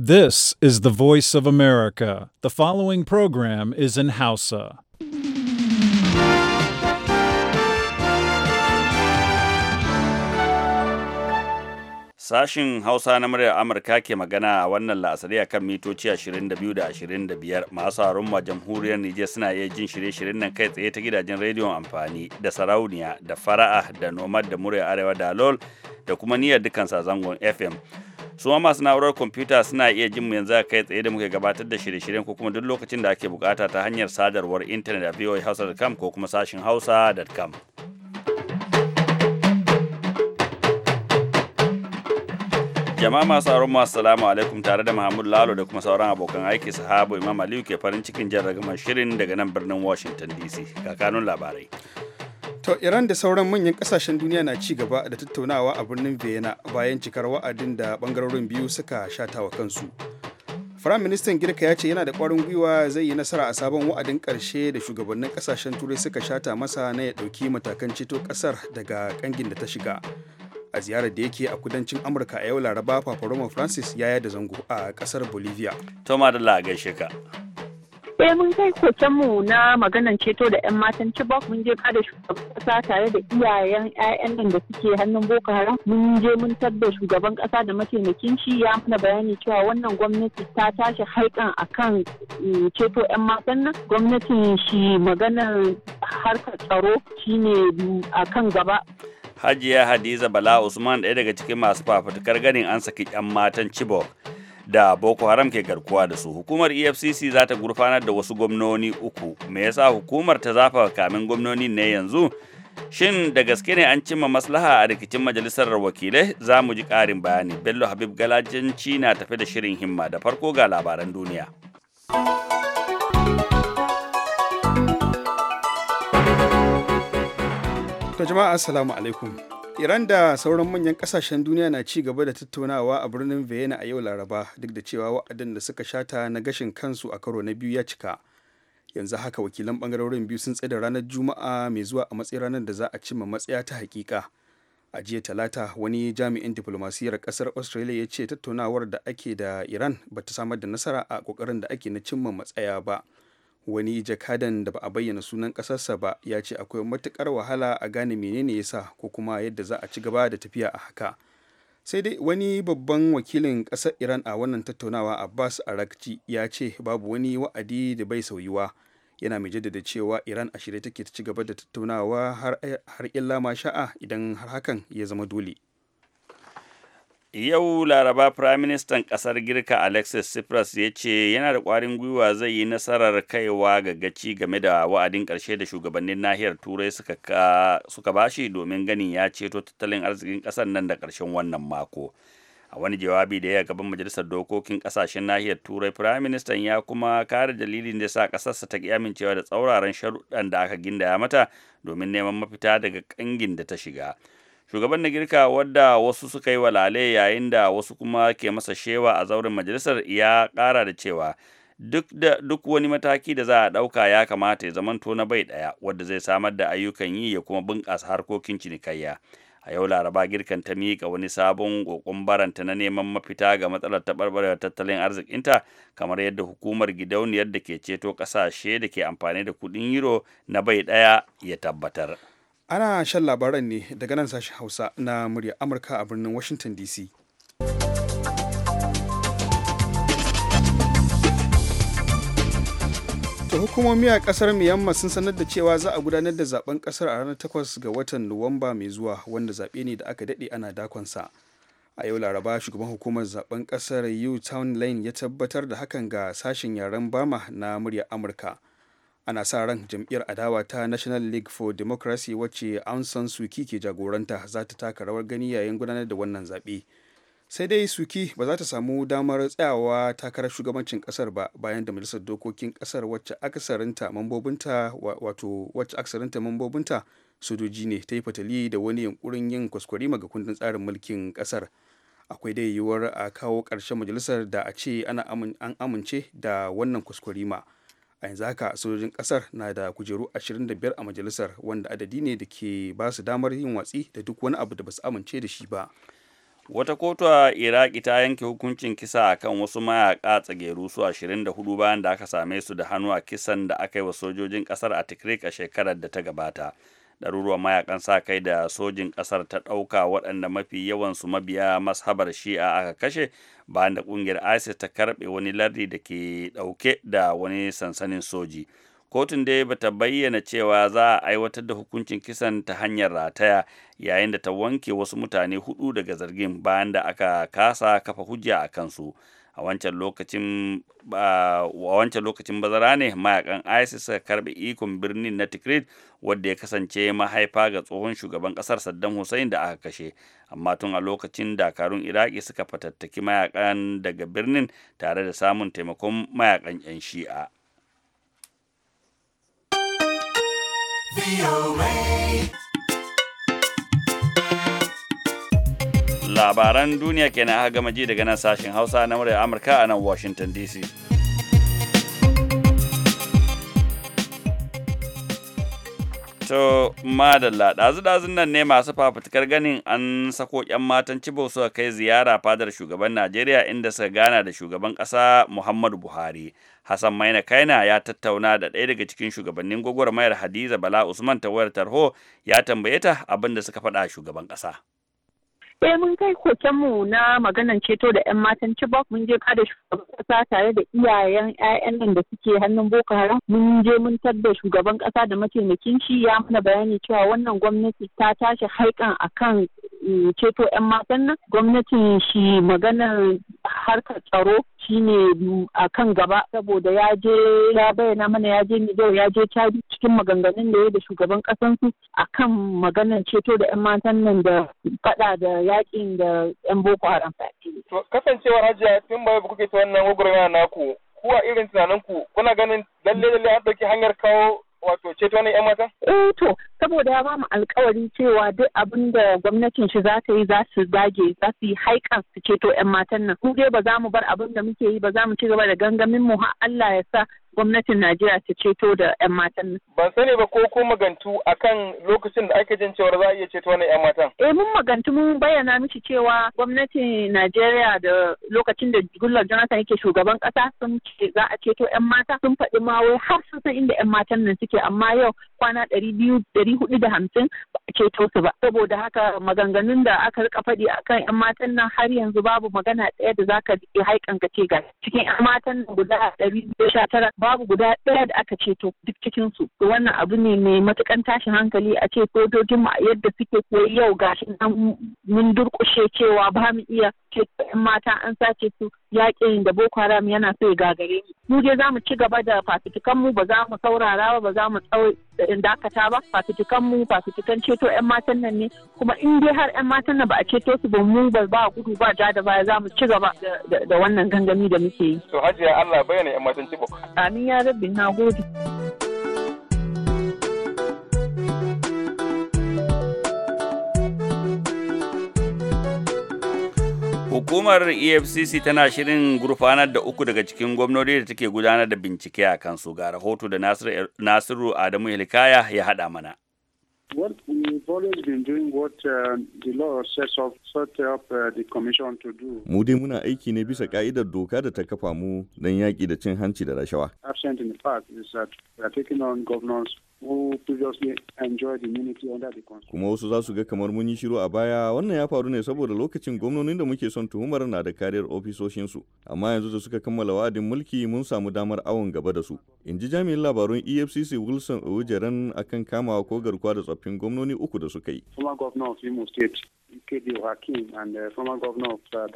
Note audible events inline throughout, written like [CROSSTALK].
This is the voice of America. The following program is in Hausa. Sashin Hausa na muryar Amurka ke magana a wannan la'asari a kan mitoci 22 da 25 masu harumma jamhuriyar Nijar suna iya jin shirye-shiryen nan kai tsaye ta gidajen rediyon amfani da sarauniya da fara'a da nomad da muryar arewa da lol da kuma niyyar dukkan sazangon FM. su ma masu na'urar kwamfuta suna iya jin mu yanzu kai tsaye da muke gabatar da shirye-shiryen ko kuma duk lokacin da ake bukata ta hanyar sadarwar intanet a hausa.com ko kuma sashin hausa.com. jama'a masu aron masu salamu alaikum tare da Muhammad Lalo da kuma sauran abokan aiki sahabo Imam Aliyu ke farin cikin jan ragamar shirin daga nan birnin Washington DC kakanun labarai. To Iran da sauran manyan kasashen duniya na ci gaba da tattaunawa a birnin Vienna bayan cikar wa'adin da bangarorin biyu suka shata wa kansu. Firayim Ministan Girka ya ce yana da ƙwarin gwiwa zai yi nasara a sabon wa'adin ƙarshe da shugabannin ƙasashen turai suka shata masa na ya ɗauki matakan ceto ƙasar daga ƙangin da ta shiga. A ziyarar da yake a kudancin Amurka a yau Laraba Papa Francis ya yada zango a ƙasar Bolivia. Toma da la gaishe ka. Eh mun kai mu na maganan ceto da 'yan matan Chibok mun je kada shugaban kasa tare da iyayen 'ya'yan nan da suke hannun Boko Haram mun je mun tabbata shugaban ƙasa da mataimakin shi ya mana bayani cewa wannan gwamnati ta tashi haikan akan mm, ceto 'yan matan nan gwamnatin shi maganar harkar tsaro shine mm, akan gaba. Hajiya Hadiza Bala Usman ɗaya daga cikin masu fafutukar ganin an saki 'yan matan Chibok. da boko haram ke garkuwa da su hukumar efcc za ta gurfanar da wasu gwamnoni uku me yasa hukumar ta zafa kamin gwamnoni ne yanzu shin da gaske ne an cimma maslaha a rikicin majalisar wakilai za mu ji ƙarin bayani bello habib galajanci na tafi da shirin himma da farko ga labaran duniya Ta jama'a assalamu alaikum Iran da sauran manyan kasashen duniya na ci gaba da tattaunawa a birnin Vienna a yau Laraba duk da cewa wa'adin da suka shata na gashin kansu a karo na biyu ya cika. Yanzu haka wakilan bangarorin biyu sun tsaye da ranar Juma'a mai zuwa a matsayin ranar da za a cimma matsaya ta hakika. A jiya Talata wani jami'in diflomasiyyar kasar Australia ya ce tattaunawar da ake da Iran bata samar da nasara a kokarin da ake na cimma matsaya ba. wani jakadan da ba a bayyana sunan kasarsa ba ya ce akwai matukar wahala a gane menene ya sa ko kuma yadda za a ci gaba da tafiya a haka sai dai wani babban wakilin kasar iran a wannan tattaunawa abbas arakci ya ce babu wani wa'adi da bai sauyuwa yana mai jaddada cewa iran a shirye take ta ci gaba da tattaunawa har illa ma sha'a idan har hakan ya zama dole Yau Laraba Firaministan ƙasar Girka Alexis Tsipras ya ce yana da ƙwarin gwiwa zai yi nasarar kaiwa ga gaci game da wa'adin ƙarshe da shugabannin nahiyar Turai suka, suka bashi domin ganin ya ceto tattalin arzikin ƙasar nan da ƙarshen wannan mako. A wani jawabi da ya gaban Majalisar Dokokin Ƙasashen Nahiyar Turai Firaministan ya kuma kare dalilin da sa ƙasarsa ta ƙi amincewa da tsauraran sharuɗan da aka gindaya mata domin neman mafita daga ƙangin da ta shiga. shugaban na girka wadda wasu suka yi walale yayin da wasu kuma ke masa shewa a zauren majalisar ya kara da cewa duk da duk wani mataki da za a ɗauka ya kamata ya zamanto na bai ɗaya wadda zai samar da ayyukan yi ya kuma bunƙasa harkokin cinikayya a yau laraba girkan ta miƙa wani sabon ƙoƙon baranta na neman mafita ga matsalar taɓarɓarewar tattalin arzikinta kamar yadda hukumar gidauniyar da ke ceto ƙasashe da ke amfani da kuɗin euro na bai ɗaya ya tabbatar ana shan labaran ne daga nan sashen hausa na murya amurka a birnin washington dc hukumomi a kasar myanmar sun sanar da cewa za a gudanar da zaben kasar a ranar 8 ga watan nuwamba mai zuwa wanda zaɓe ne da aka daɗe ana dakonsa a yau laraba shugaban hukumar zaben kasar u town lane ya tabbatar da hakan ga sashen yaren bama na murya amurka ana sa ran jam'iyyar adawa ta national league for democracy wacce aung san suki ke jagoranta za ta taka rawar gani yayin gudanar da wannan zaɓe sai dai suki ba za ta samu damar tsayawa takarar shugabancin kasar ba bayan da majalisar dokokin kasar wacce akasarinta mambobinta wato wacce aksarinta mambobinta sojoji ne ta yi fatali da wani yunkurin yin kuskure ga kundin tsarin mulkin kasar akwai dai yiwuwar a kawo ƙarshen majalisar da a ce an amince da wannan kuskure ma a yanzu haka sojojin kasar na da kujeru 25 a majalisar wanda adadi ne da ke ba su damar yin watsi da duk wani abu da ba su amince da shi ba wata kotu a iraki ta yanke hukuncin kisa a kan wasu mayaka tsageru su 24 bayan da aka same su da hannu a kisan da aka yi wa sojojin kasar a tikrik a shekarar da ta gabata ɗaruruwan mayakan sa kai da sojin ƙasar ta ɗauka waɗanda mafi yawansu mabiya mashabar shi'a aka kashe bayan da ƙungiyar isis ta karɓe wani lardi da ke ɗauke da wani sansanin soji kotun dai bata bayyana cewa za a aiwatar da hukuncin kisan ta hanyar rataya yayin da ta wanke wasu mutane hudu daga zargin bayan da aka kasa kafa hujja a kansu. su a wancan lokacin bazara ne mayakan isis suka karbe ikon birnin na tikrit wadda ya kasance mahaifa ga tsohon shugaban kasar saddam hussein da aka kashe amma tun a lokacin dakarun iraki suka fatattaki mayakan daga birnin tare da samun taimakon mayakan yan shi'a labaran duniya kenan aka gama ji daga nan sashen hausa na muryar amurka a nan washington dc to madalla ɗazu-ɗazun nan ne masu fafutukar ganin an sako 'yan matan cibo suka kai ziyara fadar shugaban najeriya inda suka gana da shugaban ƙasa muhammadu buhari hassan maina kaina ya tattauna da ɗaya daga cikin shugabannin mayar hadiza bala usman ta wayar tarho ya tambaye ta abin suka faɗa shugaban ƙasa Eh mun kai koken mu na maganan ceto da 'yan matan Chibok mun je kada shugaban kasa tare da iyayen 'ya'yan nan da suke hannun Boko Haram mun je mun tadda shugaban kasa da mataimakin shi ya mana bayani cewa wannan gwamnati ta tashi haikan akan ceto 'yan matan nan gwamnatin shi maganar harkar tsaro shine a kan gaba saboda ya je ya bayyana mana ya je Nijar ya je cadi cikin maganganun da ya da shugaban kasan su kan maganar ceto da 'yan matan nan da fada da yakin da 'yan Boko Haram. Kasancewar Hajiya tun bai kuke ta wannan gwagwarmaya naku kuwa irin tunanin ku kuna ganin lalle lalle an ɗauki hanyar kawo wato ce na yan mata? Eh to saboda ya bamu alkawari cewa duk abin da gwamnatin shi za ta yi za su dage za su yi haikan su ceto yan matan nan. Mu dai ba za mu bar abin da muke yi ba za mu ci gaba da gangamin mu har Allah ya sa gwamnatin Najeriya ta ceto da 'yan matan. Ban sani ba ko ko magantu akan lokacin da ake jin cewar za a iya ceto wannan 'yan matan. Eh mun magantu mun bayyana miki cewa gwamnatin Najeriya da lokacin da Gullar Jonathan yake shugaban kasa sun ce za a ceto 'yan mata sun faɗi ma wai har su san inda 'yan matan nan suke amma yau kwana ɗari biyu ɗari hudu da hamsin ba a ceto su ba. Saboda haka maganganun da aka rika faɗi akan 'yan matan nan har yanzu babu magana ɗaya da za ka haikan ka ce ga cikin 'yan matan nan guda ɗari biyu sha tara ba babu guda ɗaya da aka ceto duk cikin su wannan abu ne mai matukan tashin hankali a ce sojojin ma yadda suke koyi yau gashi nan mun durƙushe cewa ba mu iya ce in mata an sace su yaƙin da Boko Haram yana so ya gagare mu. Mu dai za mu ci gaba da fafitukan mu ba za mu saurara ba ba za mu dakata ba fafitukan mu fasitikan ceto 'yan matan nan ne kuma in dai har 'yan matan nan ba a ceto su ba mu ba ba gudu ba ja da baya za mu ci gaba da wannan gangami da muke yi. To hajiya Allah bayyana 'yan matan Chibok. Amin ya rabbi na gode. Hukumar EFCC tana shirin gurfanar da uku daga cikin gwamnoni da take gudanar da bincike a kansu ga rahoto da Nasiru Adamu Hilkaya ya hada mana. always been doing what uh, the law uh, to do. Mu dai muna aiki ne bisa ka'idar doka da ta kafa mu don yaƙi da cin hanci da rashawa. Absent in the is that we Kuma wasu za su ga kamar mun yi shiru a baya wannan ya faru ne saboda lokacin gwamnonin da muke son tuhumar na da kariyar ofisoshinsu. Amma yanzu da suka kammala wa'adin mulki mun samu damar awon gaba da su. In ji jami'in labarun EFCC Wilson Owojeren akan kamawa ko garkuwa da tsoffin gwamnoni uku da suka yi. Former Hakim and uh, former governor of uh, uh,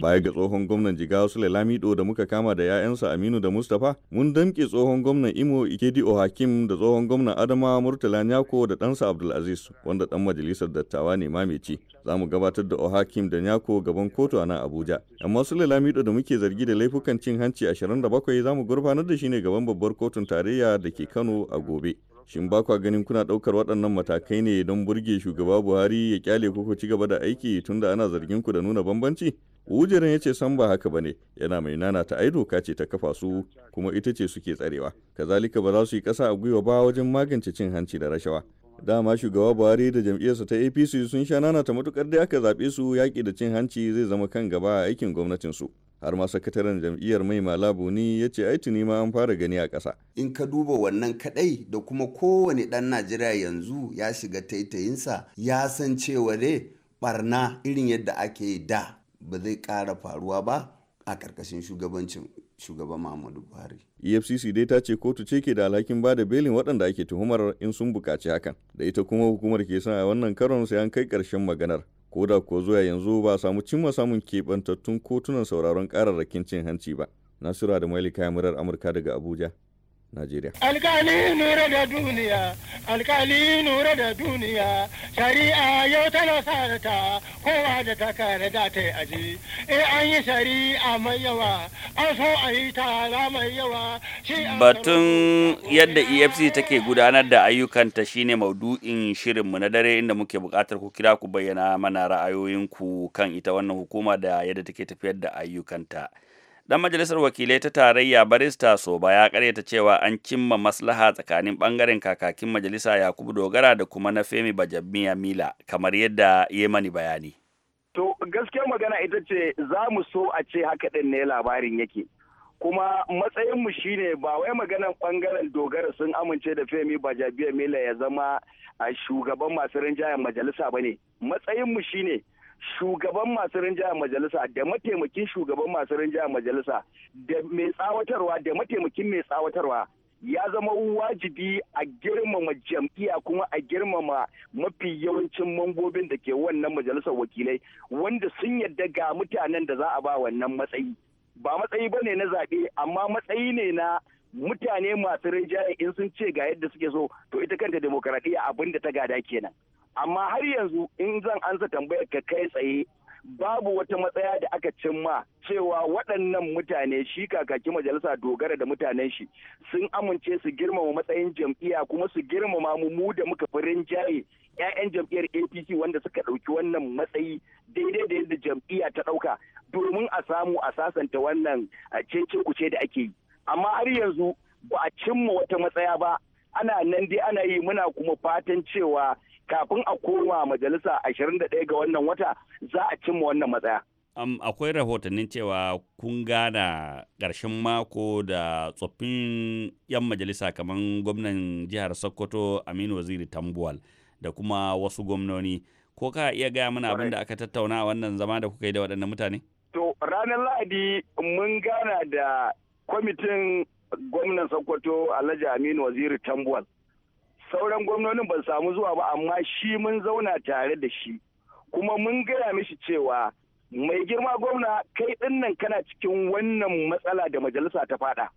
Baya ga tsohon gwamnan jiga wasu Lamido da muka kama da 'ya'yansa Aminu da Mustapha mun damƙe tsohon gwamnan imo o hakim da tsohon gwamnan adama murtala nyako da ɗansa abdulaziz wanda ɗan majalisar dattawa ne ma ci za mu gabatar da ohakim da nyako gaban kotu a nan abuja amma su lalamido da muke zargi da laifukan cin hanci 27 za mu gurfanar da shi ne gaban babbar kotun tarayya da ke kano a gobe Shin ba kwa ganin kuna daukar waɗannan matakai ne don burge shugaba Buhari ya kyale ko ci gaba da aiki tunda ana zargin ku da nuna bambanci? Ujerin ya ce san ba haka bane yana mai nana ta ai doka ce ta kafa su kuma ita ce suke tsarewa. Kazalika ba za su yi ƙasa a gwiwa ba wajen magance cin hanci da rashawa. dama shugaba buhari da jam'iyyarsa ta apc sun sha nana ta matukar da aka zaɓe su yaƙi da cin hanci zai zama kan gaba a aikin gwamnatinsu har ma sakataren jam'iyyar mai malabu ni ya ce aitini ma an fara gani a ƙasa in ka duba wannan kaɗai da kuma kowane ɗan najeriya yanzu ya shiga taitayinsa ya san cewa dai barna irin yadda ake da ba zai ƙara faruwa ba a ƙarƙashin shugabancin shugaban Muhammadu Buhari. EFCC dai ta ce kotu ce ke da alhakin ba da belin waɗanda ake tuhumar in sun buƙaci hakan. Da ita kuma hukumar ke sa wannan karon sai an kai ƙarshen maganar. Ko da ko zuwa yanzu ba samu cimma samun keɓantattun kotunan sauraron ƙararrakin cin hanci ba. Nasura da Mailika murar Amurka daga Abuja. Najeriya. Alkali nura da duniya, alkali nura da duniya, shari'a yau tana sa ta kowa da ta kare da ta yi aji. E an yi shari'a mai yawa, an so a yi tara mai yawa. Batun yadda EFC take gudanar da ayyukanta shine maudu'in shirinmu na dare inda muke bukatar ku kira ku bayyana mana ra'ayoyinku kan ita wannan hukuma da yadda take tafiyar da ayyukanta. Dan majalisar wakilai ta tarayya barista Soba ya karyata cewa an cimma maslaha tsakanin bangaren kakakin majalisa Yakubu Dogara da kuma na Femi Bajabmiya Mila kamar yadda ya mani bayani. To gaskiya magana ita ce za mu so a ce haka ɗin ne labarin yake. Kuma matsayinmu shine ba wai maganan bangaren dogara sun amince da Femi Bajabiya Mila ya zama a shugaban masu rinjayen majalisa ba ne. Matsayinmu shine shugaban masu rinjaya majalisa da mataimakin shugaban masu rinjaya majalisa da mai tsawatarwa da mataimakin mai tsawatarwa ya zama wajibi a girmama jam'iyya kuma a girmama mafi yawancin mambobin da ke wannan majalisar wakilai wanda sun yadda ga mutanen da za a ba wannan matsayi ba matsayi ba ne na zaɓe amma matsayi ne na mutane masu rinjaye in sun ce ga yadda suke so to ita kanta demokaradiyya abin da ta gada kenan amma har yanzu in zan ansa tambayar ka kai tsaye babu wata matsaya da aka cimma cewa waɗannan mutane shi kakaki majalisa dogara da mutanen shi sun amince su girmama matsayin jam'iyya kuma su girmama mu mu da muka fi rinjaye 'ya'yan jam'iyyar apc wanda suka ɗauki wannan matsayi daidai da yadda jam'iyya ta ɗauka domin a samu a sasanta wannan cece kuce da ake yi amma har yanzu ba a cimma wata matsaya ba ana nan dai ana yi muna kuma fatan cewa kafin a koma majalisa 21 ga wannan wata za a cimma wannan matsaya. Um, akwai rahotannin cewa kun gana ƙarshen mako da tsoffin 'yan majalisa kamar gwamnan jihar Sokoto Aminu Waziri Tambuwal da kuma wasu gwamnoni. Ko ka iya gaya mana abin da aka tattauna a wannan zama da kuka yi da waɗannan mutane? To ranar Lahadi mun gana da kwamitin gwamnan Sokoto Alhaji Aminu Waziri Tambuwal. sauran gwamnonin ba samu zuwa ba amma shi mun zauna tare da shi kuma mun gaya mishi cewa mai girma gwamna kai dinnan kana cikin wannan matsala da majalisa ta fada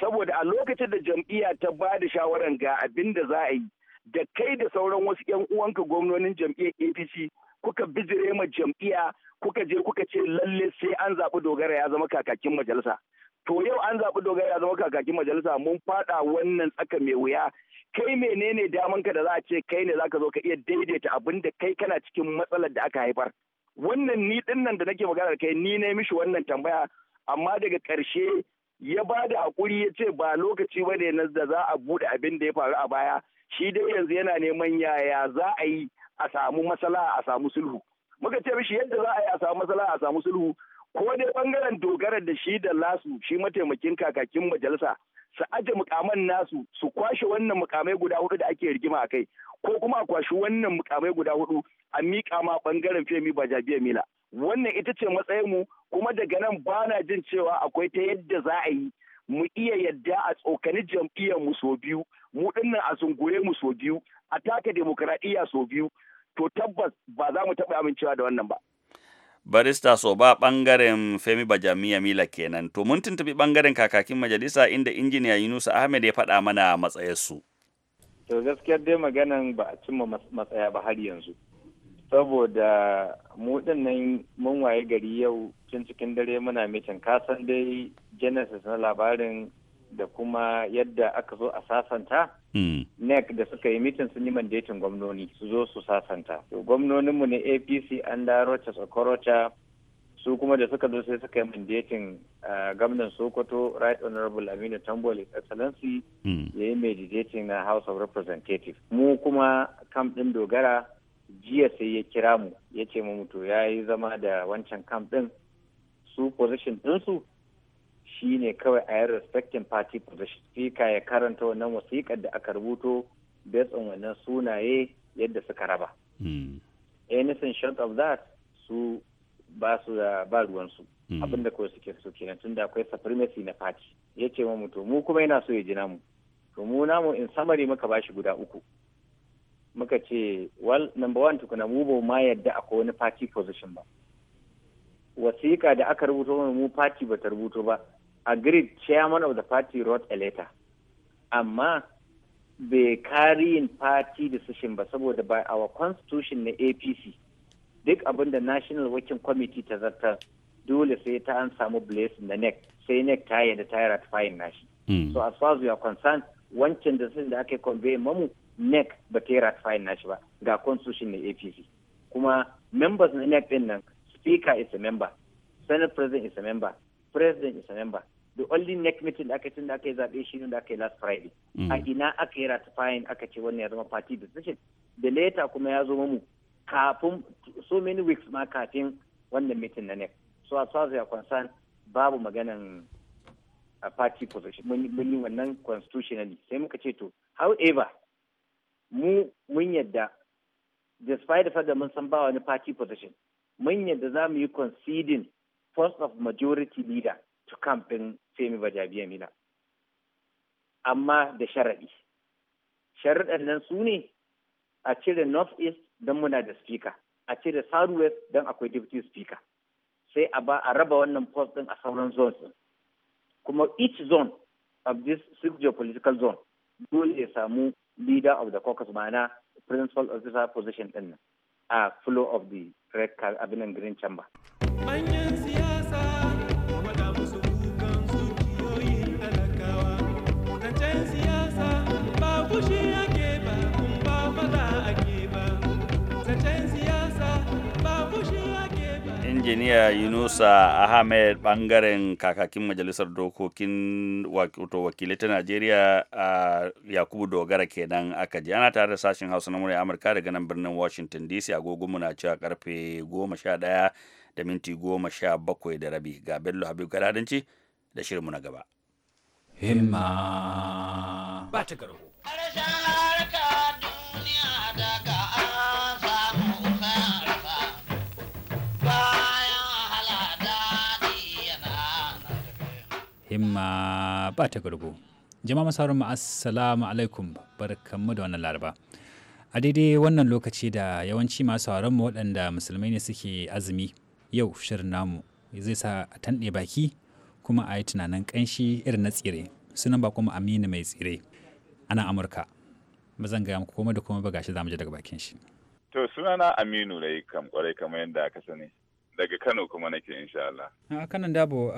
saboda a lokacin da jam'iyya ta ba da shawaran ga abin da za a yi da kai da sauran wasu 'yan uwanka gwamnonin jam'iyyar apc kuka bijire ma jam'iyya kuka je kuka ce lalle sai an zaɓi dogara ya zama kakakin majalisa to yau an zaɓi dogara ya zama kakakin majalisa mun faɗa wannan tsaka mai wuya kai menene damanka da za a ce kai ne za ka zo ka iya daidaita abin da kai kana cikin matsalar da aka haifar wannan ni din nan da nake magana da kai ni ne mishi wannan tambaya amma daga ƙarshe ya ba da hakuri ya ce ba lokaci ba ne da za a buɗe abin da ya faru a baya shi dai yanzu yana neman yaya za a yi a samu masala a samu sulhu muka ce mishi yadda za a yi a samu masala a samu sulhu ko dai bangaren dogarar da shi da lasu shi mataimakin kakakin majalisa su aje mukaman nasu su kwashe wannan mukamai guda hudu da ake rigima a kai ko kuma a kwashi wannan mukamai guda hudu a miƙa ma bangaren femi bajabiya mila wannan ita ce matsayin mu? kuma daga nan ba na jin cewa akwai ta yadda za a yi mu iya yadda a tsokani jam'iyyar mu so biyu mu dinnan a zungure mu so biyu a taka demokradiyya so biyu to tabbas ba za mu taɓa amincewa da wannan ba. barista so ba bangaren femi mila kenan to mun tuntubi bangaren kakakin majalisa inda injiniya yunusa ahmed ya faɗa mana matsayarsu to gaskiyar dai maganan ba a cimma matsaya ba har yanzu saboda mu nan mun waye gari yau tun cikin dare muna mitin kasan dai genesis na labarin da kuma yadda aka zo a sasanta hmm. nec da suka yi mitin sun yi mandatin gwamnoni su zo su sasanta to gwamnoninmu ne apc an darocha tsakorocha su kuma da suka zo sai suka yi mandatin gwamnan sokoto right honorable aminu tambol his excellency hmm. ya yi medidating na house of representatives mu kuma kam ɗin dogara jiya sai ya kira mu ya ce mu to ya yi zama da wancan kam ɗin su position ɗinsu shi ne kawai a yi respecting party position speaker ya karanta wannan wasiƙar da aka rubuto based on wannan sunaye yadda suka raba hmm. anything short of that su ba su da ba ruwansu hmm. abinda kawai suke so kenan tunda akwai supremacy na party ya ce mu mu kuma yana so ya ji namu to mu namu in samari muka bashi guda uku muka ce well number one tukuna mu ba ma yadda akwai wani party position ba wasiƙa da aka rubuto mu party ba ta rubuto ba agreed chairman of the party wrote a letter amma bai yin party decision ba saboda by our constitution na apc duk abin da national working committee ta zartar dole sai ta an samu blessing da nec sai nec ta yi da ta yi ratifayin nashi hmm. so as far as we are concerned wancan decision da aka convey mamu nec ba ta yi ratifayin nashi ba ga constitution na apc kuma members na nec din nan speaker is a member senate president is a member president is a member the only next meeting da aka tun da aka yi zaɓe shi ne da aka yi last friday mm. a ina aka yi ratifayin aka ce wannan ya zama party decision da leta kuma ya zo mu kafin so many weeks ma kafin wannan meeting na ne so as far as you are concerned babu maganan a uh, party position mun yi wannan constitutionally sai muka ce to however mu mun yadda despite the fact da mun san ba wani party position mun yadda za mu yi conceding force of majority leader to campaign sai mi baja biya mina amma da sharaɗi sharaɗan nan su ne a cire north east don muna da speaker a cire south west don akwai deputy speaker sai a ba a raba wannan post din a sauran zones kuma each zone of this six geopolitical zone dole ya samu leader of the caucus ma'ana principal officer position din a flow of the red card abinan green chamber. injiniya yunusa ahmed bangaren kakakin majalisar dokokin wato wakilai ta najeriya a yakubu dogara kenan aka ji ana tare da sashen hausa na murya amurka daga nan birnin washington dc agogonmu na cewa karfe 11 da minti 17 da rabi ga bello habib gadadanci da shirinmu na gaba himma ba ta garo Imma ba ta gargo jama'a sauran assalamu alaikum barkanmu da wannan laraba a daidai wannan lokaci da yawanci masu mu waɗanda musulmai ne suke azumi yau shirin namu zai sa a tanɗe baki kuma a yi tunanin ƙanshi irin na tsire sunan ba kuma aminu mai tsire nan amurka ba zan gaya kuma komai da kuma ba za mu je daga bakin shi to sunana aminu dai kam kwarai kamar yadda aka sani daga kano kuma nake insha Allah a kanan dabo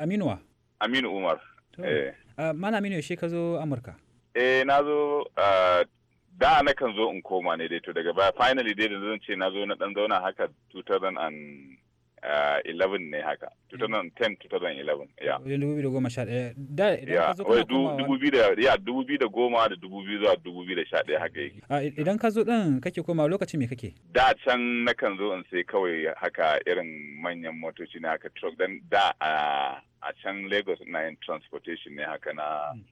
aminuwa Aminu Umar. Eh. Mana Aminu yaushe ka zo Amurka? Eh na zo da na kan zo in koma ne dai to daga baya finally dai da zan ce na zo na dan zauna haka 2000 and 2011 uh, ne haka 2010 2011 ya wajen 2011 da ah, idan ka zo kana komawa 2000 ya 2010 da 2011 haka yake idan ka zo din kake koma lokacin mai kake da can na kan zo in sai kawai haka irin manyan motoci na haka truck dan da a can Lagos na yin transportation ne haka na hmm.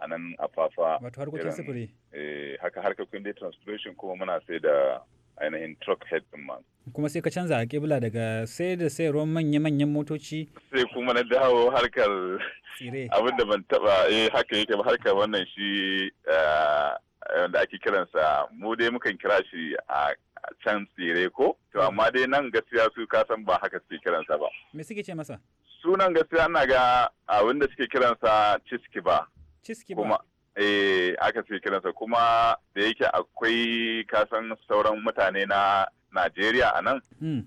a nan afafa wato harkokin sufuri eh haka harkokin dai transportation kuma muna sai da ainihin truck head din ma kuma sai ka canza a kibla daga sai da sayarwar manya-manyan motoci sai kuma na dawo harkar abin da ban taba eh haka yake ba harkar wannan shi eh, wanda ake kiransa mu dai mukan kira shi a can tsire ko to amma dai nan gaskiya su kasan ba haka suke kiransa ba me suke ce masa sunan gaskiya ana ga abin da suke kiransa ciski ba ciski ba eh aka ce kiransa kuma da yake akwai kasan sauran mutane na Najeriya a nan hmm.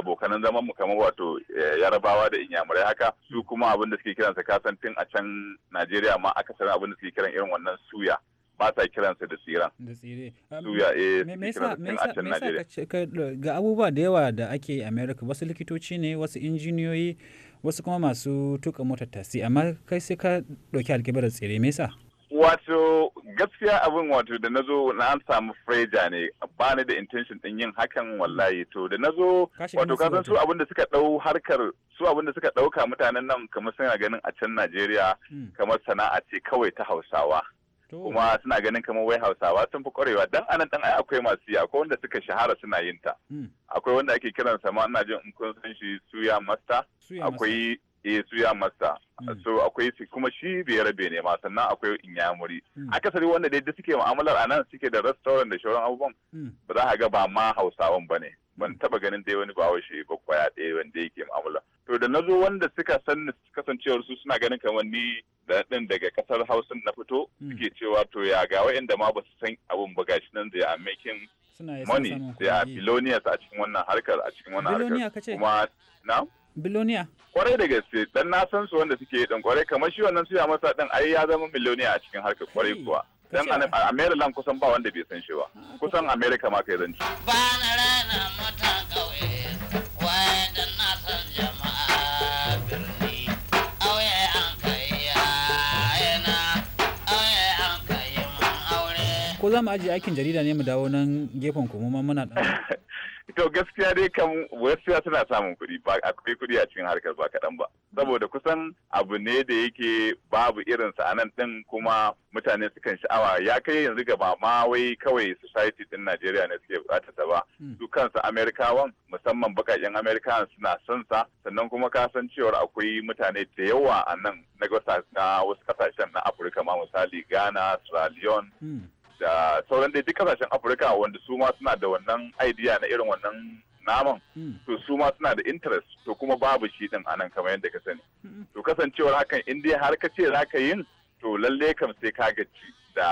abokanan zaman mu kamar wato eh, yarabawa da inyamurai haka su kuma abin da suke kiransa kasan tun a can Najeriya ma aka san abin da suke kiran irin wannan suya ba sa kiransa da tsiran. Da tsire. Um, suya eh a can Najeriya. Ga abubuwa da yawa da ake America wasu likitoci ne wasu injiniyoyi wasu kuma masu tuka motar tasi amma kai sai ka ɗauki alkibar tsire me yasa? Wato gaskiya abin wato da nazo zo na an samu freja ne ba ni da intention din yin hakan wallahi to da na zo wato ka san su abin da suka dau harkar su abin da suka dauka mutanen nan kamar suna ganin a can Najeriya hmm. kamar sana'a ce kawai ta Hausawa. kuma suna ganin kamar wai hausawa sun fi kwarewa dan anan dan ai akwai masu yi akwai wanda suka shahara suna yin ta hmm. akwai wanda ake kiran sa ma ina jin in kun san shi suya masta akwai eh su ya masa hmm. so akwai kuma shi bai rabe ne ma sannan akwai inyamuri hmm. akasari wanda dai da suke mu'amalar a nan suke da restaurant da shauran abubuwan hmm. ba za a ga ba ma hausawan ba ne ban taba ganin dai wani shi ba kwaya ɗaya wanda yake mu'amala to da nazo wanda suka san kasancewar su suna ganin kamar ni da ɗin daga kasar hausan na fito suke cewa to ya ga inda ma ba su san abun ba gashi nan zai a making money zai a a cikin wannan harkar a cikin wannan harkar kuma na Biloniya. Kwarai da gaske dan na san su wanda suke dan kwarai kamar shi wannan suya masa dan ai ya zama miliyoniya a cikin harkar kwarai kuwa. Dan a Maryland kusan ba wanda bai san shi ba. Ah, kusan America ma kai zanci. Ba na rana mata ko za mu ajiye aikin jarida ne mu dawo nan gefen kuma ma muna dan [LAUGHS] to gaskiya dai kam gaskiya suna samun kuɗi ba akwai kuɗi a cikin harkar ba kaɗan ba saboda kusan abu ne da yake babu irin sa anan din kuma mutane sukan sha'awa ya kai yanzu gaba ma wai kawai society din Najeriya ne suke bukatar ta ba hmm. su kansu Amerikawan musamman bakakken Amerikawan suna son sa sannan kuma ka san cewa akwai mutane da yawa a nan na wasu kasashen na Afirka ma misali Ghana, Sierra Leone hmm. da sauran dai duk kasashen afirka wanda su ma suna da wannan idea na irin wannan naman hmm. to su ma suna da interest to kuma babu shi din anan kamar yadda ka sani hmm. to kasancewar hakan in har ka ce za ka yin to lalle kam sai ka gaci da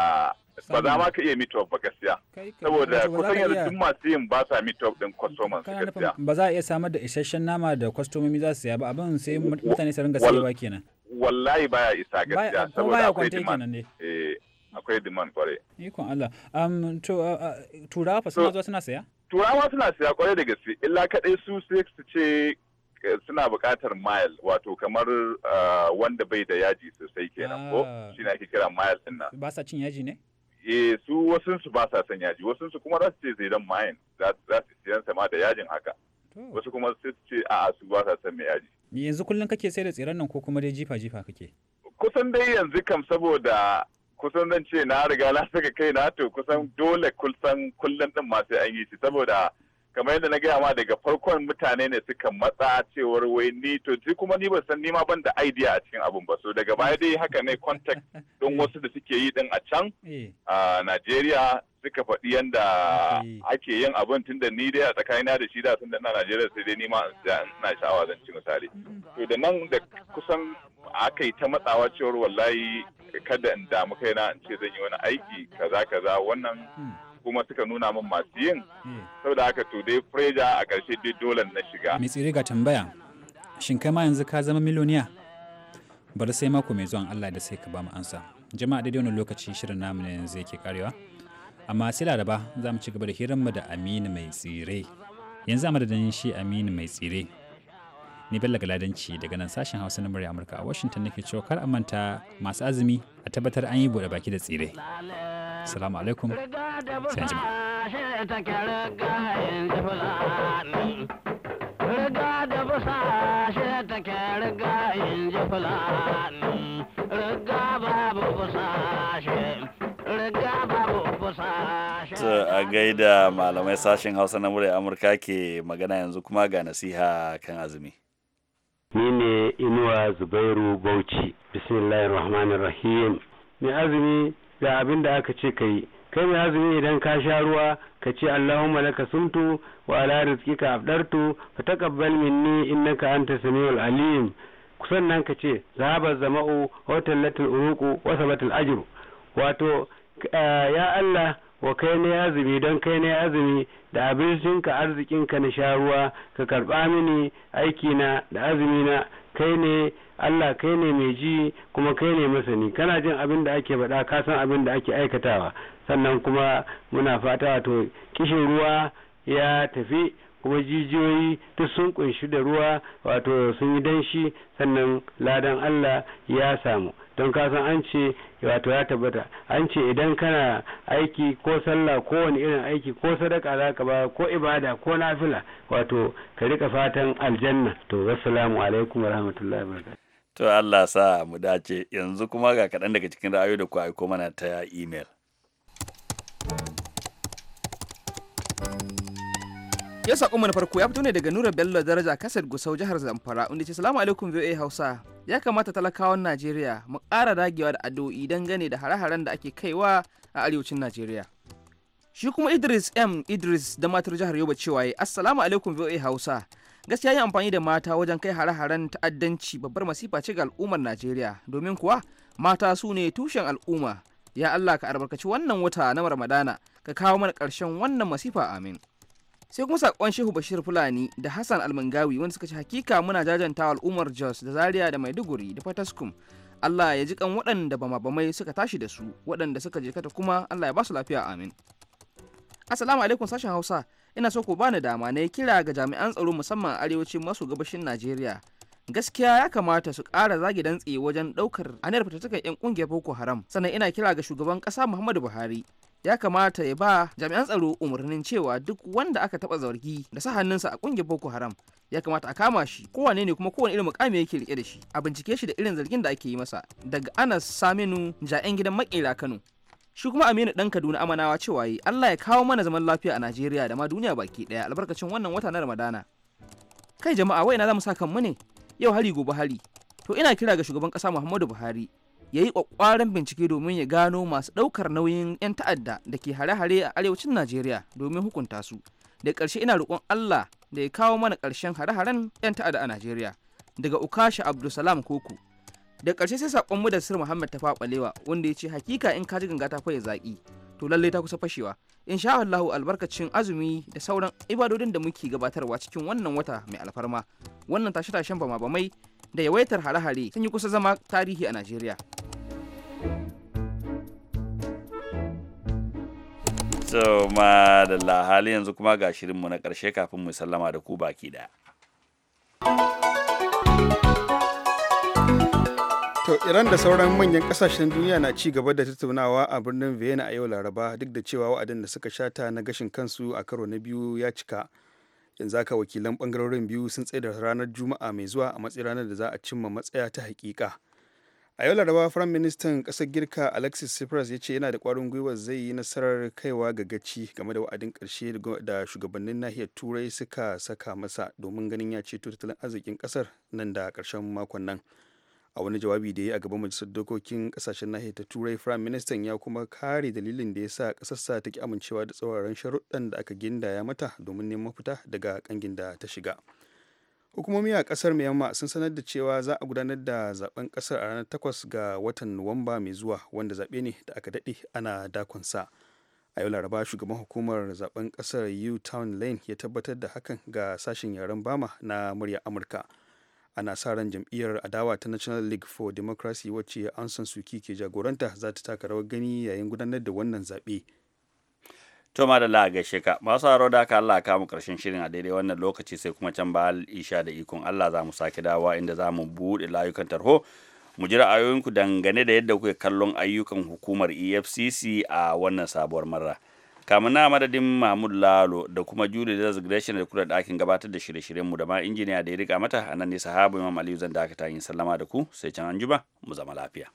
ba za ma ka iya meet up ba gaskiya saboda kusan yanzu duk masu yin ba sa meet up din customers gaskiya ba za a iya samar da isasshen nama da kwastomomi za su saya ba abin sai mutane su ringa sayewa kenan wallahi baya isa gaskiya saboda akwai demand akwai demand kwarai ikon Allah um to uh, uh, turawa fa suna zuwa suna saya turawa suna saya kwarai da gaske illa kaɗai su sai su ce eh, suna buƙatar mile wato kamar uh, wanda bai da yaji sosai kenan ko ah. shi ne ake kira mile din nan ba sa cin yaji ne E su wasu su ba sa son yaji wasu su kuma za su ce zai dan mile za su siyan sama da yajin haka wasu kuma su ce a'a su ba sa son mai yaji yanzu kullum kake sai da tsiran nan ko kuma dai jifa jifa kake kusan dai yanzu kam saboda kusan zan ce na riga na saka kai na to kusan dole kusan kullum din masu an yi shi saboda kamar yadda na gaya ma daga farkon mutane ne suka matsa cewar wai ni to ji kuma ni ba san nima ban da idea a cikin abun ba so daga baya dai haka ne contact [LAUGHS] don eh. wasu da suke yi din a can eh. a Najeriya suka faɗi yanda eh. ake yin abun tun da ni dai a tsakanina da shi da sun da na Najeriya sai dai nima ina sha'awa zan ci misali to da nan da kusan aka yi ta matsawa cewar wallahi kada in damu kaina in ce zan yi wani aiki kaza kaza wannan hmm. kuma suka nuna min masu yin hmm. saboda haka to dai freja a ƙarshe dai dole na shiga mai tsire ga tambaya shin kai ma yanzu ka zama miliyoniya. bari sai mako mai zuwan Allah da sai ka ba mu ansa jama'a daidai wani lokaci shirin namu ne yanzu yake karewa amma sai laraba za mu ci gaba da hirar mu da aminu mai tsire yanzu a madadin shi aminu mai tsire ni bella galadanci daga nan sashen hausa na murya amurka a washington nake cewa kar a manta masu azumi a tabbatar an yi bude baki da tsire salamu alaikum sai a gaida malamai sashen hausa na murya amurka ke magana yanzu kuma ga nasiha kan azumi ni ne inuwa zubairu bauchi bismillahi rahmanir rahim mai azumi ga abin da aka ce ka kai mai azumi idan ka sha ruwa ka ce allahumma laka sumtu wa ala rizqika afdartu fa taqabbal minni innaka anta samiul alim nan ka ce zaba zama'u wa tallatul uruqu wa sabatul ajru wato eh, ya allah wa kai ne azumi don kai ne azumi da abincinka arzikinka na sha ruwa ka karɓa mini aikina da azumina kai ne Allah kai ne mai ji kuma kai ne masani kana jin abin da ake faɗa ka san abin da ake aikatawa sannan kuma muna fata to kishin ruwa ya tafi kuma jijiyoyi duk sun kunshi da ruwa wato sun yi danshi sannan ladan Allah ya samu don kasan an ce wato ya tabbata an ce idan kana aiki ko sallah ko wani irin aiki ko sadaka za ka ba ko ibada ko nafila wato ka rika fatan aljanna to wassalamu alaikum warahmatullahi wabarakatuh to Allah sa mu dace yanzu kuma ga kaɗan daga cikin ra'ayoyi da ku aiko mana ta email Ya saƙo mana farko ya fito ne daga Nura Bello daraja kasar Gusau jihar Zamfara inda ce salamu alaikum VOA Hausa. Ya kamata talakawan Najeriya mu ƙara dagewa da addu'o'i dangane da hare-haren da ake kaiwa a arewacin Najeriya. Shi kuma Idris M Idris da matar jihar Yoba cewa ya Assalamu alaikum VOA Hausa. Gaskiya yin amfani da mata wajen kai hare-haren ta'addanci babbar masifa ce ga al'ummar Najeriya domin kuwa mata su ne tushen al'umma. Ya Allah ka albarkaci wannan wata na Ramadana ka kawo mana ƙarshen wannan masifa amin. sai kuma sakon shehu bashir fulani da hassan almangawi wanda suka ce hakika muna jajanta al'ummar jos da zaria da maiduguri da fataskum allah ya ji kan waɗanda bama-bamai suka tashi da su waɗanda suka je kata kuma allah ya basu lafiya amin assalamu alaikum sashen hausa ina so ku bani dama na kira ga jami'an tsaro musamman arewacin maso gabashin najeriya gaskiya ya kamata su ƙara zage dantse wajen ɗaukar aniyar fitattakan 'yan ƙungiyar boko haram sannan ina kira ga shugaban ƙasa muhammadu buhari ya kamata ya ba jami'an tsaro umarnin cewa duk wanda aka taba zargi da sa hannunsa a kungiyar boko haram ya kamata a kama shi kowane ne kuma kowane irin mukami yake rike da shi a bincike shi da irin zargin da ake yi masa daga anas saminu ja'en gidan makera kano shi kuma aminu dan kaduna amanawa cewa yi allah ya kawo mana zaman lafiya a najeriya da ma duniya baki daya albarkacin wannan wata na ramadana kai jama'a wai na za mu sa kanmu ne yau hari gobe hari to ina kira ga shugaban kasa muhammadu buhari ya yi kwakwaran bincike domin ya gano masu ɗaukar nauyin 'yan ta'adda da ke hare-hare a arewacin najeriya domin hukunta su da ƙarshe ina roƙon allah da ya kawo mana ƙarshen hare-haren 'yan ta'adda a najeriya daga ukasha abdulsalam koko da ƙarshe sai saƙon mu da sir muhammad ta faɓalewa wanda ya ce hakika in ka ji ganga ta kwaye zaƙi to lallai ta kusa fashewa in sha allahu albarkacin azumi da sauran ibadodin da muke gabatarwa cikin wannan wata mai alfarma wannan tashe-tashen bama-bamai da yawaitar hare-hare sun yi kusa zama tarihi a najeriya so ma da lahali yanzu kuma ga shirinmu na ƙarshe kafin mu sallama da ku baki ɗaya. To Iran da sauran manyan kasashen duniya na ci gaba da tattaunawa a birnin Vienna a yau Laraba duk da cewa wa'adin da suka shata na gashin kansu a karo na biyu ya cika. yanzu haka wakilan bangarorin biyu sun da ranar juma'a mai zuwa a matsayin ranar da za a cimma matsaya ta hakika a yau laraba firayim ministan kasar girka alexis tsipras ya ce yana da kwarin gwiwa zai yi nasarar kaiwa ga gaci game da wa'adin karshe da shugabannin nahiyar turai suka saka masa domin ganin ya ceto tattalin arzikin kasar nan da karshen makon nan a wani jawabi da ya yi a gaban majalisar dokokin kasashen nahiyar ta turai firayim ministan ya kuma kare dalilin da ya sa kasarsa ta ki amincewa da tsauraran sharuɗɗan da aka gindaya mata domin neman mafita daga kangin da ta shiga hukumomi a kasar myanmar sun sanar da cewa za a gudanar da zaben ƙasar a ranar 8 ga watan nuwamba mai zuwa wanda zaɓe ne da aka daɗe ana dakonsa a yau laraba shugaban hukumar zaben ƙasar u town lane ya tabbatar da hakan ga sashen yaren bama na murya amurka ana sa ran jam'iyyar adawa ta national league for democracy wacce an san suki ke jagoranta za ta taka rawar gani yayin gudanar da wannan zaɓe. to ma da la gaishe ka masu haro da aka Allah kamu karshen shirin a daidai wannan lokaci sai kuma can ba isha da ikon Allah za mu sake dawa inda za mu buɗe layukan tarho mu ji ra'ayoyinku dangane da yadda kuke kallon ayyukan hukumar efcc a wannan sabuwar marra. kamun madadin mahmud lalo da kuma julie da gresham da kula ɗakin gabatar da shirye-shiryenmu da ma injiniya da ya rika mata a nan ne sahabu imam aliyu zan dakata yin sallama da ku sai can anjima mu zama lafiya